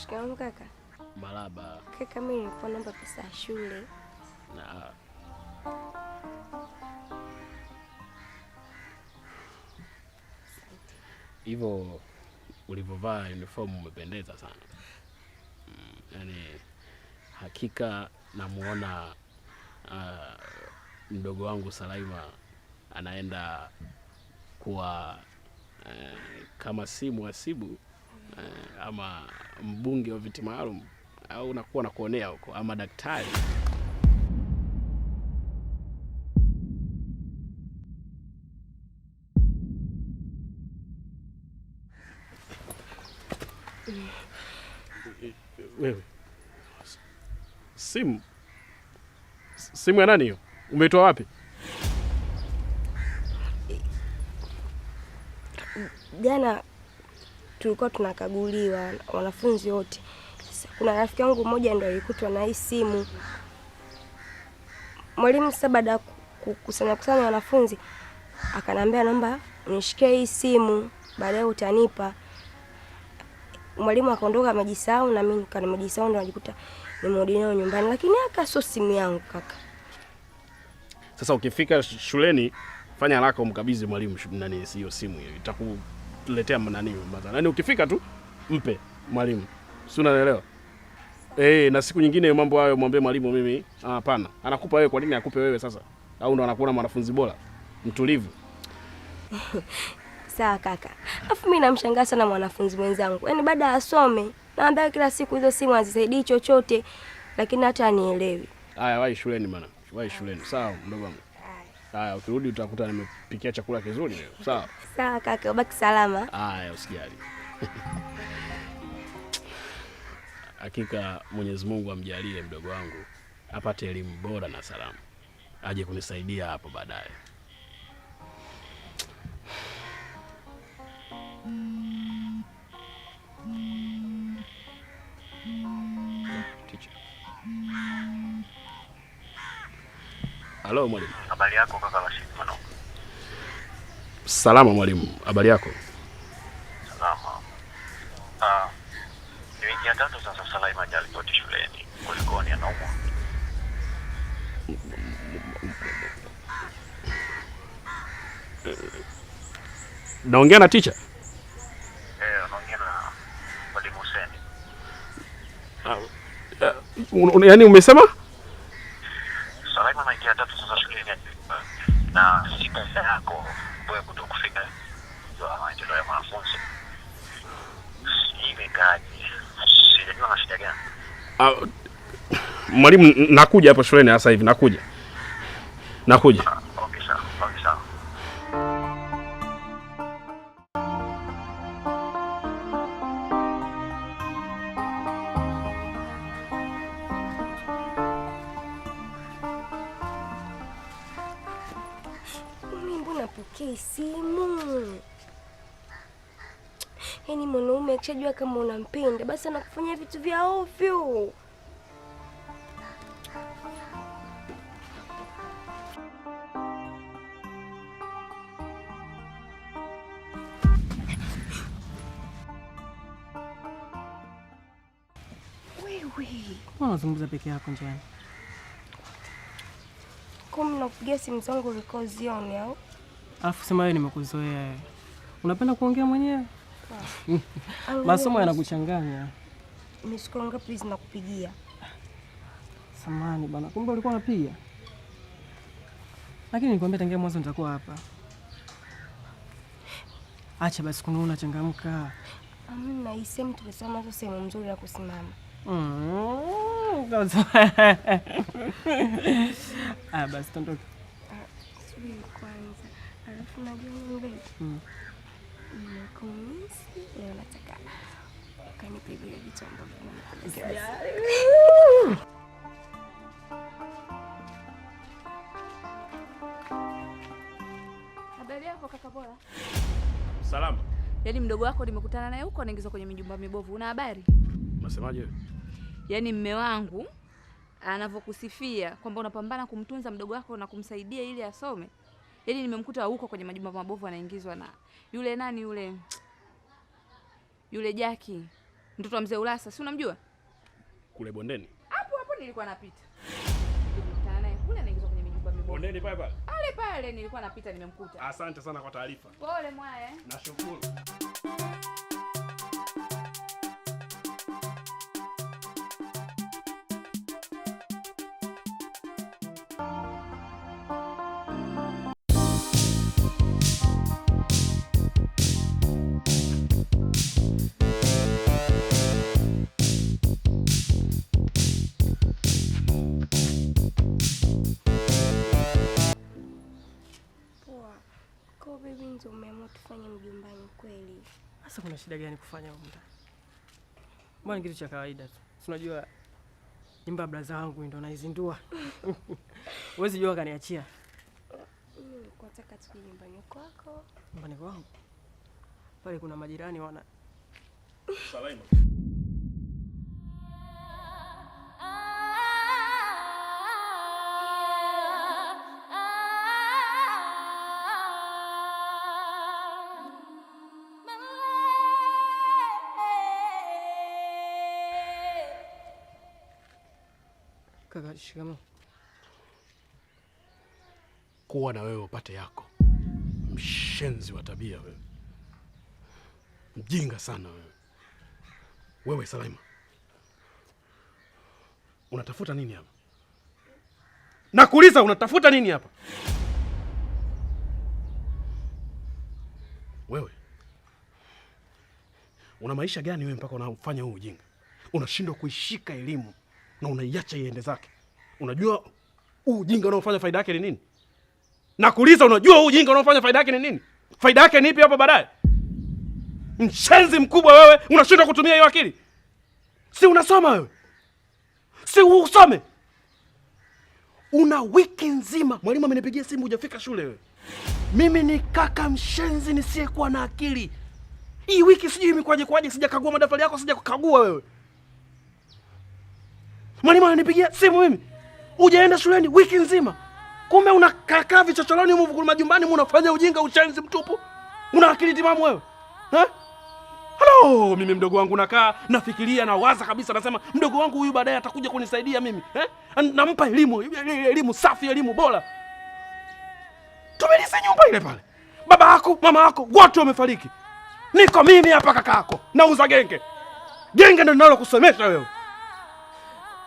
Shikamoo kaka. Marahaba. Kaka, mimi nilikuwa naomba pesa ya shule. Na hivyo ulivyovaa uniform umependeza sana. Mm, yani hakika namuona uh, mdogo wangu Salaima anaenda kuwa uh, kama si mhasibu eh, ama mbunge wa viti maalum au unakuwa nakuonea huko ama daktari. Wewe simu simu ya nani hiyo? Umeitoa wapi? Jana tulikuwa tunakaguliwa wanafunzi wote. Sasa kuna rafiki yangu mmoja ndo alikutwa na hii simu. Mwalimu sasa baada ya kukusanya kusanya wanafunzi akanambia, naomba unishikie hii simu, baadaye utanipa. Mwalimu akaondoka amejisahau, na mimi nikana nimejisahau, ndo najikuta nimerudi nayo nyumbani, lakini aka sio simu yangu kaka. Sasa ukifika shuleni fanya haraka umkabidhi mwalimu nani hiyo simu hiyo itaku tuletea nani bwana. Yaani ukifika tu mpe mwalimu. Si unaelewa? Eh, na siku nyingine mambo hayo mwambie mwalimu mimi ah, hapana. Ah, anakupa wewe kwa nini akupe wewe sasa? Au ndo anakuona mwanafunzi bora? Mtulivu. Sawa kaka. Alafu mimi namshangaa sana mwanafunzi mwenzangu. Yaani baada asome, naambia kila siku hizo simu hazisaidii chochote, lakini hata anielewi. Haya, wahi shuleni bana. Wahi shuleni. Sawa mdogo wangu. Haya, ukirudi utakuta nimepikia chakula kizuri leo. Sawa. Sawa kaka, ubaki salama. Haya, usijali. Hakika Mwenyezi Mungu amjalie mdogo wangu apate elimu bora na salama, aje kunisaidia hapo baadaye. Halo mwalimu. Habari yako kaka Rashid mwana? Salama mwalimu, habari yako? Salama. Ah. Ni wiki ya tatu sasa Salima hajaripoti shuleni. Kulikoni anaumwa? Naongea na teacher? Eh, naongea na Mwalimu Hussein. Ah, yaani umesema? na yako wewe maendeleo ya Sijajua na shida gani. Ah, mwalimu, nakuja hapo shuleni sasa hivi, nakuja nakuja. Yaani mwanaume akishajua kama unampenda basi anakufanyia vitu vya ovyo. Unazungumza peke yako njiani? Kumbe nakupigia simu zangu ulikozione au? Alafu sema wewe, nimekuzoea. Unapenda kuongea mwenyewe? masomo yanakuchanganya. Misuko ngapi nakupigia. Samani bana, kumbe ulikuwa unapiga. Lakini nikwambia tangia mwanzo nitakuwa hapa. Acha basi kununa, changamka. Amna, isemu tumesema hizo sehemu nzuri ya kusimama. Mm. Ah, basi tondoke. Ah, subiri kwanza. Alafu najua leo nataka ukanipigia vitu ambavyo Salama. Yaani mdogo wako nimekutana naye huko anaingizwa kwenye mijumba mibovu. Una habari? Unasemaje? Yaani mme wangu anavyokusifia kwamba unapambana kumtunza mdogo wako na kumsaidia ili asome, Yaani nimemkuta huko kwenye majumba mabovu anaingizwa na yule nani yule yule Jaki, mtoto wa mzee Ulasa, si unamjua? Kule bondeni. Hapo hapo nilikuwa napita. Nilikutana naye kule anaingizwa kwenye majumba mabovu. Bondeni pale pale. Pale pale nilikuwa napita nimemkuta. Asante sana kwa taarifa. Pole mwae. Nashukuru. tufanye mjumbani kweli. Sasa kuna shida gani kufanya huko ndani? Mbona kitu cha kawaida tu. Unajua nyumba braza wangu ndio naizindua. Huwezi jua kaniachia. Nataka tuje nyumbani kwako. Nyumbani kwangu? Pale kuna majirani wana Salama. Kaka, Kuwa na wewe upate yako. Mshenzi wa tabia wewe, mjinga sana wewe. Wewe Salima, unatafuta nini hapa? Nakuuliza, unatafuta nini hapa? Wewe una maisha gani wewe mpaka unafanya huu ujinga? Unashindwa kuishika elimu na unaiacha iende zake. Unajua huu ujinga unaofanya faida yake ni nini? Nakuuliza, unajua huu ujinga unaofanya faida yake ni nini? Faida yake ni ipi hapo baadaye? Mshenzi mkubwa wewe, unashindwa kutumia hiyo akili? Si unasoma wewe, si usome? Una wiki nzima, mwalimu amenipigia simu, hujafika shule wewe. Mimi ni kaka mshenzi nisiyekuwa na akili. Hii wiki sijui imekuwaje kwaje, sijakagua madaftari yako, sijakukagua wewe. Mwalimu ananipigia simu mimi, ujaenda shuleni wiki nzima, kumbe unakakaa vichochoroni huko majumbani, unafanya ujinga, uchanzi mtupu. Una akili timamu wewe ha? Halo, mimi mdogo wangu nakaa nafikiria na waza kabisa, nasema mdogo wangu huyu baadaye atakuja kunisaidia mimi eh? Nampa elimu elimu safi, elimu bora. Tumelisi nyumba ile pale, baba yako mama yako wote wamefariki, niko mimi hapa, kaka yako nauza genge. Genge ndio kusomesha wewe.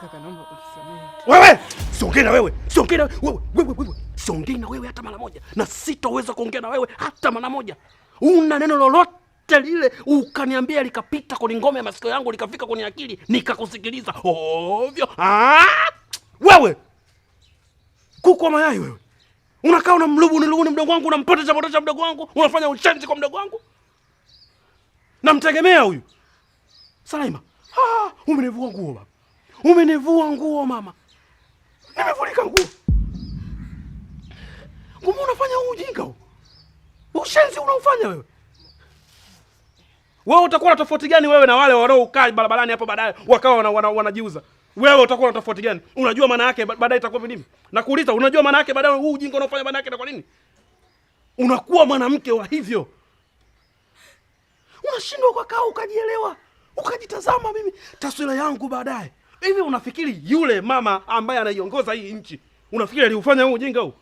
Kaka, naomba unisamehe. Wewe siongee na wewe, siongee na wewe, wewe, wewe siongee na wewe hata mara moja, na sitaweza kuongea na wewe hata mara moja. Una neno lolote lile ukaniambia likapita kwenye ngome ya masikio yangu likafika kwenye akili nikakusikiliza ovyo. Ah, wewe kuku wa mayai wewe, unakaa una mlubu niluguni mdogo wangu, unampoteza poteza mdogo wangu, unafanya uchenzi kwa mdogo wangu, namtegemea huyu Salaima. Ah, umenivua nguo baba Umenivua nguo mama, nimevunika nguo. Kumbe unafanya huu ujinga huu, ushenzi unaofanya wewe. Wewe utakuwa na tofauti gani wewe na wale wanaokaa barabarani hapo baadaye wakawa wanajiuza? wana, wana Wewe utakuwa na tofauti gani? Unajua maana yake baadaye itakuwa vipi? Nakuuliza, unajua maana yake baadaye huu ujinga unaofanya maana yake na kwa nini? Unakuwa mwanamke wa hivyo, unashindwa ukakaa ukajielewa ukajitazama. Mimi taswira yangu baadaye Hivi unafikiri yule mama ambaye anaiongoza hii nchi, unafikiri aliufanya huu ujinga huu?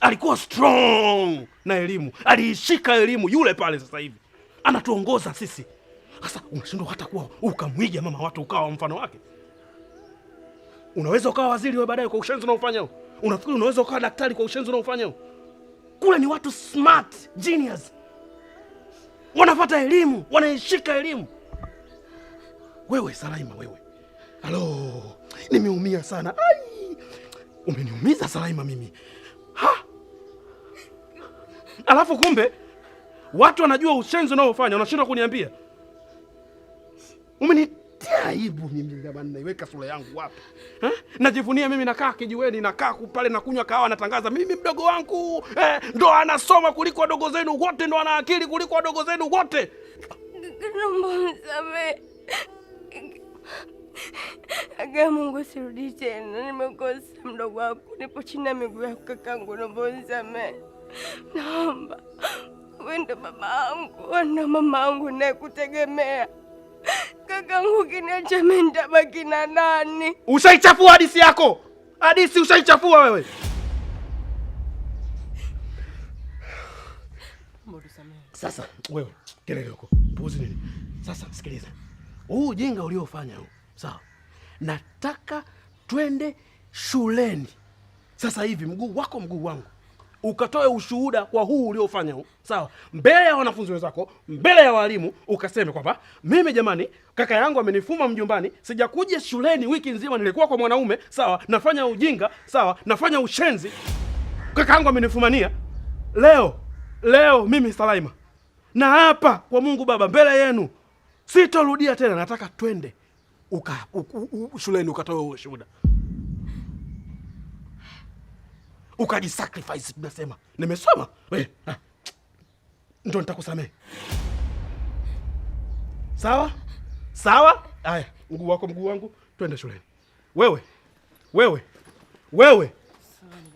Alikuwa strong na elimu, aliishika elimu. Yule pale sasa hivi anatuongoza sisi. Sasa unashindwa hata kuwa ukamwiga mama watu ukawa mfano wake. Unaweza ukawa waziri wewe baadaye kwa ushenzi unaofanya huu? Unafikiri unaweza ukawa daktari kwa ushenzi unaofanya huu? Kule ni watu smart genius, wanapata elimu, wanaishika elimu. Wewe Salaima, wewe Halo, nimeumia sana. Ai, umeniumiza Salaima mimi ha! Alafu kumbe watu wanajua ushenzi unaofanya, unashindwa kuniambia. Umenitia aibu mimi jamani, naiweka sura yangu wapi? Najivunia mimi, nakaa kijiweni, nakaa pale na kunywa kahawa, natangaza mimi mdogo wangu eh, ndo anasoma kuliko wadogo zenu wote, ndo ana akili kuliko wadogo zenu wote. Aga Mungu, sirudi tena, nimekosa mdogo wako, nipo chini ya miguu yako kakangu, naomba unisamehe, naomba wende mama angu ana mama angu nayekutegemea kakangu, ukiniacha mimi na nani? Ushaichafua hadisi yako, hadisi ushaichafua wewe. Sasa wewe kelele huko, puzi nini? Sasa sikiliza huu ujinga uliofanya huu sawa, nataka twende shuleni sasa hivi, mguu wako mguu wangu, ukatoe ushuhuda kwa huu uliofanya huu, sawa, mbele ya wanafunzi wenzako, mbele ya walimu, ukaseme kwamba mimi, jamani, kaka yangu amenifuma mjumbani, sijakuja shuleni wiki nzima, nilikuwa kwa mwanaume, sawa, nafanya ujinga, sawa, nafanya ushenzi, kaka yangu amenifumania leo. Leo mimi Salaima na hapa kwa Mungu Baba, mbele yenu sitorudia tena, nataka twende uka, shuleni ukatoe ushuhuda ukajisacrifice. Tunasema nimesoma we ndo nitakusamehe. Sawa sawa. aya mguu wako mguu wangu, twende shuleni. Wewe wewe wewe sawa.